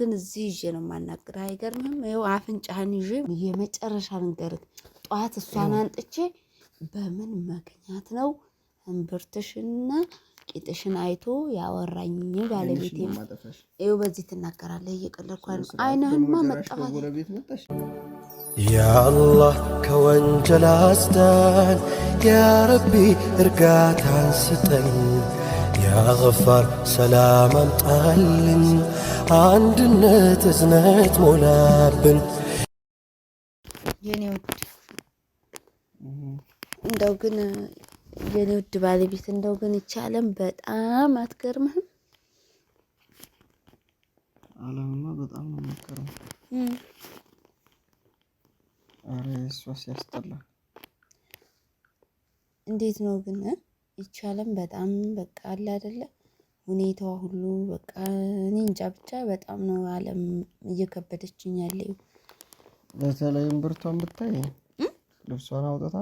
ግን እዚህ ይዤ ነው የማናግርህ። አይገርምህም? ይኸው አፍንጫህን ይዤ የመጨረሻ ልንገርህ፣ ጠዋት እሷን አንጥቼ በምን ምክንያት ነው እምብርትሽና ቂጥሽን አይቶ ያወራኝ ባለቤት። ይኸው በዚህ ትናገራለህ። እየቀለድኩ አይነህንማ መጠፋት ያአላህ ከወንጀል አስዳን፣ ያረቢ እርጋታን ስጠኝ ያገፋር ሰላም አምጣልን፣ አንድነት እዝነት ሞላብን። የኔ ውድ እንደው ግን የኔ ውድ ባለቤት እንደው ግን ይቻለም በጣም አትገርምህም? አለምማ በጣም ነው የምትገርመው። አረ እሷ ሲያስጠላ እንዴት ነው ግን ይቻለም በጣም በቃ አለ አይደለ ሁኔታዋ ሁሉ በቃ እኔ እንጃ ብቻ በጣም ነው አለም እየከበደችኝ ያለው። በተለይም ብርቷን ብታይ ልብሷን አውጥታ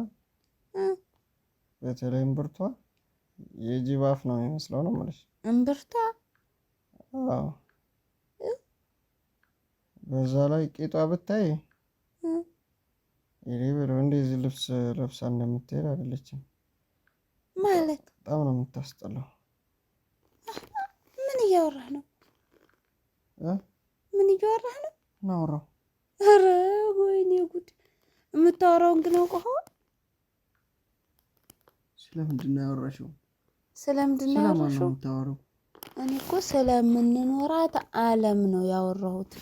በተለይም ብርቷ የጅብ አፍ ነው የሚመስለው ነው የምልሽ። እምብርቷ አዎ። በዛ ላይ ቂጧ ብታይ ይሄ ብሎ እንደዚህ ልብስ ለብሳ እንደምትሄድ አይደለችም። ማለት በጣም ነው የምታስጠላው። ምን እያወራህ ነው? ምን እያወራህ ነው? ናውራው ኧረ ወይኔ ጉድ! የምታወራውን ግን አውቀኸዋል? ስለምንድን ነው ያወራሽው? ስለምንድን ነው ያወራሽው? እኔ እኮ ስለምንኖራት ዓለም ነው ያወራሁት።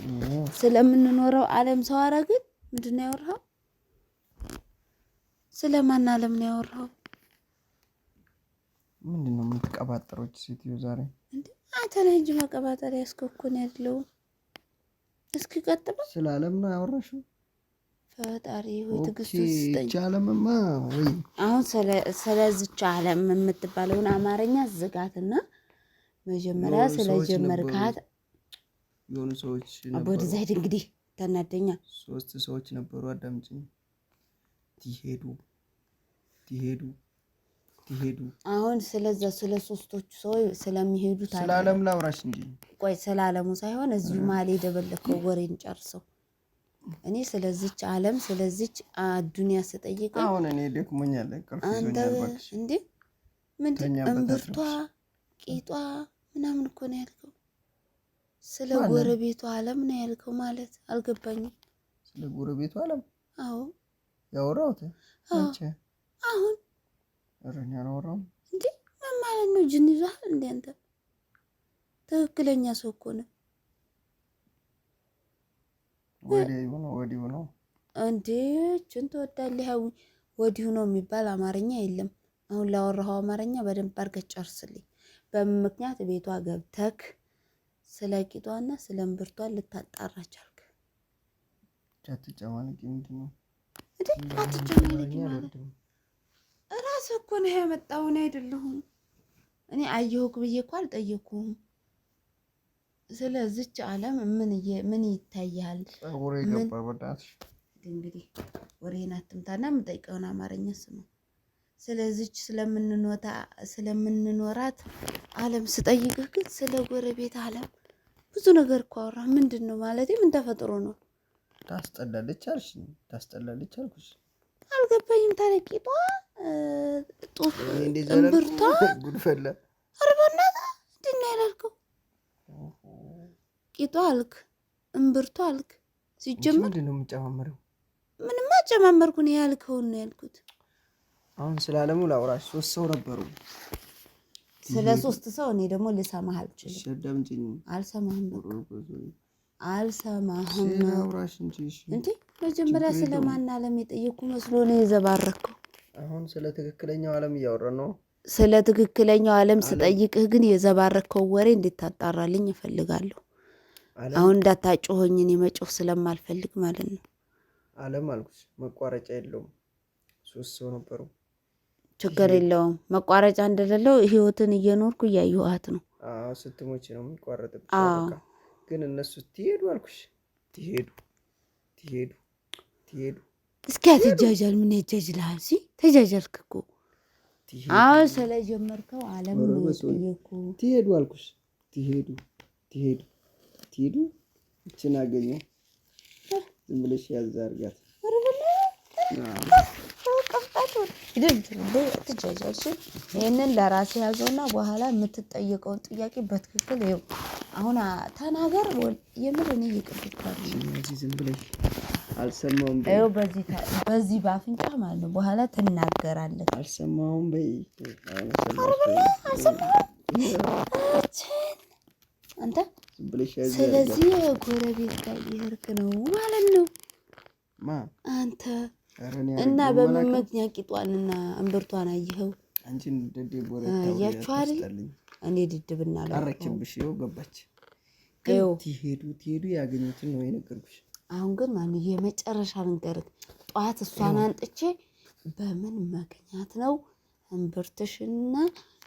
ስለምንኖረው ዓለም ሰዋራ ግን ምንድን ነው ያወራኸው? ስለማን ዓለም ነው ያወራኸው? ምንድን ነው የምትቀባጠሮች ሴትዮ ዛሬ እንዴ? አንተ ነህ እንጂ መቀባጠር ያስኮኩን ያለው እስኪ ቀጥሎ ስለ ዓለም ነው ያወራሽው። ፈጣሪ ሆይ ትዕግስት አለምማ ወይ አሁን ስለዚች አለም የምትባለውን አማርኛ ዝጋትና መጀመሪያ ስለጀመርካት የሆኑ ሰዎች አቦድ ዛይድ እንግዲህ ተናደኛ። ሶስት ሰዎች ነበሩ። አዳምጪኝ። ትሄዱ ትሄዱ አትሄዱ። አሁን ስለዛ ስለ ሶስቶቹ ሰው ስለሚሄዱ ስለ አለም ላውራሽ እንጂ ቆይ፣ ስለ አለሙ ሳይሆን እዚሁ መሀል የደበለከው ወሬን ጨርሰው። እኔ ስለዚች አለም ስለዚች አዱንያ ስጠይቅ አሁን እኔ ደክሞኛል። አንተ እንዴ ምንድን እምብርቷ ቂጧ ምናምን እኮ ነው ያልከው። ስለ ጎረቤቱ አለም ነው ያልከው ማለት አልገባኝም። ስለ ጎረቤቱ አለም አዎ ያወራሁት አሁን እረኛ ነው እንዴ? ምን ማለት ነው? ጅን ይዟል እንዴ? አንተ ትክክለኛ ሰው እኮ ነው። ወዲሁ ነው ወዲሁ ነው እንዴ? ችን ትወዳለህ? ወዲሁ ነው የሚባል አማርኛ የለም። አሁን ላወራኸው አማርኛ በደንብ አድርገህ ጨርስልኝ። በምክንያት ቤቷ ገብተክ ስለ ቂጧና ስለ እምብርቷ ልታጣራ ቻልክ። አትጨማለቂ ምንድን ነው? አትጨማለቂ ማለት ራስህ እኮ ነህ ያመጣው፣ እኔ አይደለሁም። እኔ አየሁክ ብዬ እኮ አልጠየኩም። ስለዚች ዓለም ምን ምን ይታያል? ገባ እንግዲህ ወሬን አትምታና የምጠይቀውን አማርኛ ስሙ። ስለዚች ስለምንኖራት ዓለም ስጠይቅህ ግን ስለ ጎረቤት ዓለም ብዙ ነገር እኮ አወራህ። ምንድን ነው ማለት ምን ተፈጥሮ ነው? ታስጠላለች አልሽ፣ ታስጠላለች አልኩሽ። አልገባኝም ታለቂጧ ጡፍ እምብርቷ አርባናት ያላልከው ቂጧ አልክ፣ እምብርቷ አልክ። ሲጀመር ምንም አጨማመርኩን ያልከውን ነው ያልኩት። አሁን ስለ አለሙ ላውራሽ። ሶስት ሰው ነበሩ። ስለ ሶስት ሰው እኔ ደግሞ ልሰማህ አልችልም። አልሰማህም አልሰማህም። እንዴ መጀመሪያ አለም የጠየቅኩ መስሎ ነው የዘባረከው አሁን ስለ ትክክለኛው ዓለም እያወራን ነው። ስለ ትክክለኛው ዓለም ስጠይቅህ ግን የዘባረከው ወሬ እንድታጣራልኝ እፈልጋለሁ። አሁን እንዳታጮሆኝን የመጮህ ስለማልፈልግ ማለት ነው። ዓለም አልኩሽ መቋረጫ የለውም። ሶስት ሰው ነበሩ። ችግር የለውም መቋረጫ እንደሌለው ህይወትን እየኖርኩ እያየኋት ነው። ስትሞች ነው የሚቋረጥብ። ግን እነሱ ትሄዱ አልኩሽ፣ ትሄዱ ትሄዱ ትሄዱ እስኪ አትጃጃል። ምን ያጃጅልሃል? ሲ ተጃጃልክ እኮ አዎ፣ ስለጀመርከው አለም ትሄዱ አልኩሽ። ትሄዱ ትሄዱ ትሄዱ። እችን አገኘ ዝም ብለሽ ያዝ አድርጋት። ይህንን ለራሴ ያዘውና በኋላ የምትጠየቀውን ጥያቄ በትክክል ይኸው አሁን ተናገር። የምር እኔ እየቀደድኩ ዝም ብለሽ አልሰማሁም። በዚህ በአፍንጫ ማለት ነው። በኋላ ትናገራለህ። አልሰማሁም በይ አንተ። ስለዚህ ጎረቤት ጋር እየሄድክ ነው ማለት ነው አንተ። እና በምን ምክንያት ቂጧንና እምብርቷን አየኸው? እኔ ድድብና ገባች። ትሄዱ ትሄዱ ያገኙትን ነው የነገርኩሽ አሁን ግን ማን የመጨረሻ ልንገርህ፣ ጠዋት እሷን አንጥቼ በምን ምክንያት ነው እምብርትሽና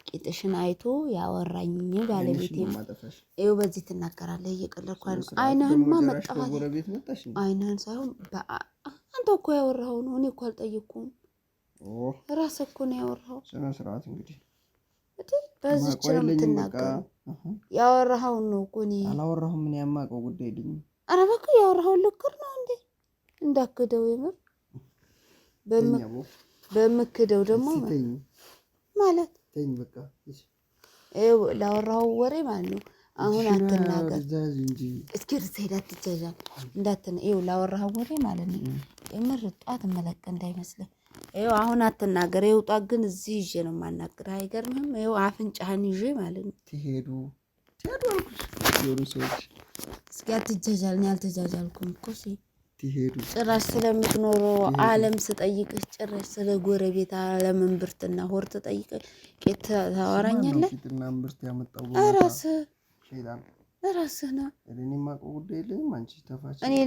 ቂጥሽን አይቶ ያወራኝ ባለቤቴ ይኸው በዚህ ትናገራለህ። እየቀለድኩ አይነህንማ መጠፋት አይነህን ሳይሆን አንተ እኮ ያወራኸው ነው። እኔ እኮ አልጠየኩም። ራስህ እኮ ነው ያወራኸው። ስነስርዓት እንግዲህ በዚች ነው የምትናገረው። ያወራኸውን ነው እኮ እኔ አላወራሁም። ምን ያማቀው ጉዳይ ልኝ አረበ ያወራኸው ልክር ነው እንዴ? እንዳክደው የምር በምክደው ደግሞ ማለት ላወራኸው ወሬ ማለት ነው። አሁን አትናገር እስኪ ርስ ሄዳ ትጃዣል ው ላወራኸው ወሬ ማለት ነው። የምር ጧት መለቅ እንዳይመስልህ ው አሁን አትናገር ው ጧት ግን እዚህ ይዤ ነው የማናግርህ። አይገርምህም? ው አፍንጫህን ይዤ ማለት ነው። ትሄዱ ትሄዱ አልኩሽ የምትሆኑ ሰዎች እስኪ አትጃጃል። እኔ አልተጃጃልኩም እኮ እሺ። ትሄዱ ጭራሽ ስለምትኖረው አለም ስጠይቅሽ ጭራሽ ስለ ጎረቤት ዓለም እምብርትና ሆር ተጠይቀሽ ቄት ታወራኛለህ። እራስህ እራስህ ና እኔ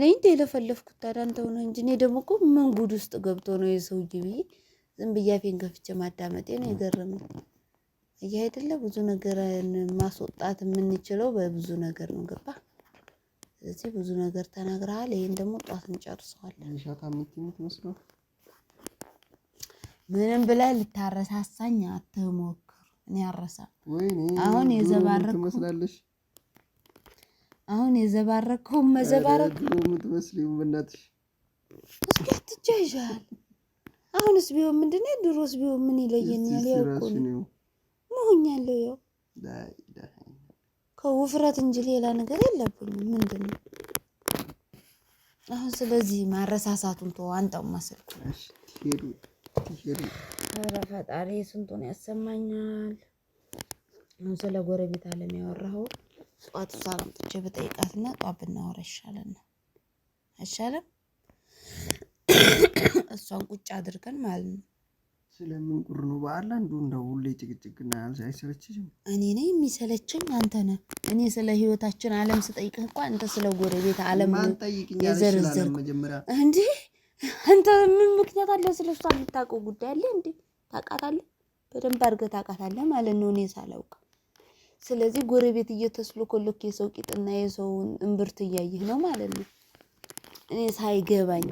ነኝ እንደ የለፈለፍኩት ታዲያ እንጂ እኔ ደግሞ እኮ ምን ጉድ ውስጥ ገብቶ ነው የሰውዬ ብዬ ዝም ብዬ ከፍቼ ማዳመጤ ነው የገረመኝ። አይደለ ብዙ ነገርን ማስወጣት የምንችለው በብዙ ነገር ነው። ገባ? ስለዚህ ብዙ ነገር ተናግረሃል። ይሄን ደግሞ ጧት እንጨርሰዋለን። ምንም ብለህ ልታረሳሳኝ አትሞክር። እኔ አረሳ አሁን የዘባረኩ አሁን የዘባረከው መዘባረክ ምትመስሊው በእናትሽ እስኪ አትጃይዣል። አሁንስ ቢሆን ምንድን ነው? ድሮስ ቢሆን ምን ይለየኛል? ያውቁ ነው ድኛለሁ። ያው ከውፍረት እንጂ ሌላ ነገር የለብኝም። ምንድን ነው አሁን? ስለዚህ ማረሳሳቱን ተወው። አንጣውማ ማሰልኩ ኧረ ፈጣሪ ስንቱን ያሰማኛል። አሁን ስለ ጎረቤት አለም ያወራኸው ጠዋት እሷን አምጥቼ በጠይቃትና ጠዋት ብናወራ ይሻለን ነው አይሻልም? እሷን ቁጭ አድርገን ማለት ነው። ስለምን ቁር ነው በዓል አንዱ እንደ ሁሌ ጭቅጭቅ ጭቅጭቅና አይሰለችሽም? እኔ ነኝ የሚሰለችኝ አንተ ነህ። እኔ ስለ ህይወታችን አለም ስጠይቅህ እኮ አንተ ስለ ጎረቤት አለም የዘርዘር እንዲ አንተ ምን ምክንያት አለ? ስለ እሷ የምታውቀው ጉዳይ አለ እንዴ? ታውቃታለህ፣ በደንብ አድርገህ ታውቃታለህ ማለት ነው እኔ ሳላውቅ። ስለዚህ ጎረቤት እየተስሎኮሎክ የሰው ቂጥና የሰውን እምብርት እያየህ ነው ማለት ነው እኔ ሳይገባኝ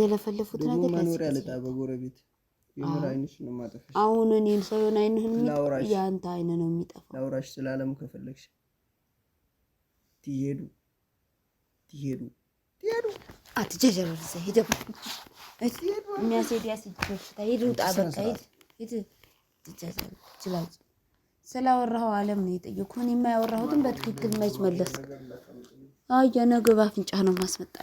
የለፈለፉት ነገር መኖር ያለጣ በጎረቤት አሁን እኔም ሰውን አይንህን የአንተ አይን ነው የሚጠፋ። ላውራሽ ስላለም ከፈለግሽ ትሄዱ ትሄዱ ትሄዱ አትጀጀበር እዛ ሂድ የሚያስሄድ ያስጅበሽታ ሂድ ውጣ በቃ ሄድ ሄድ ትጀጀበር ችላጅ ስላወራኸው አለም ነው የጠየኩህን የማያወራሁትን በትክክል መች መለስክ? አየ ነገ በአፍንጫ ነው ማስመጣ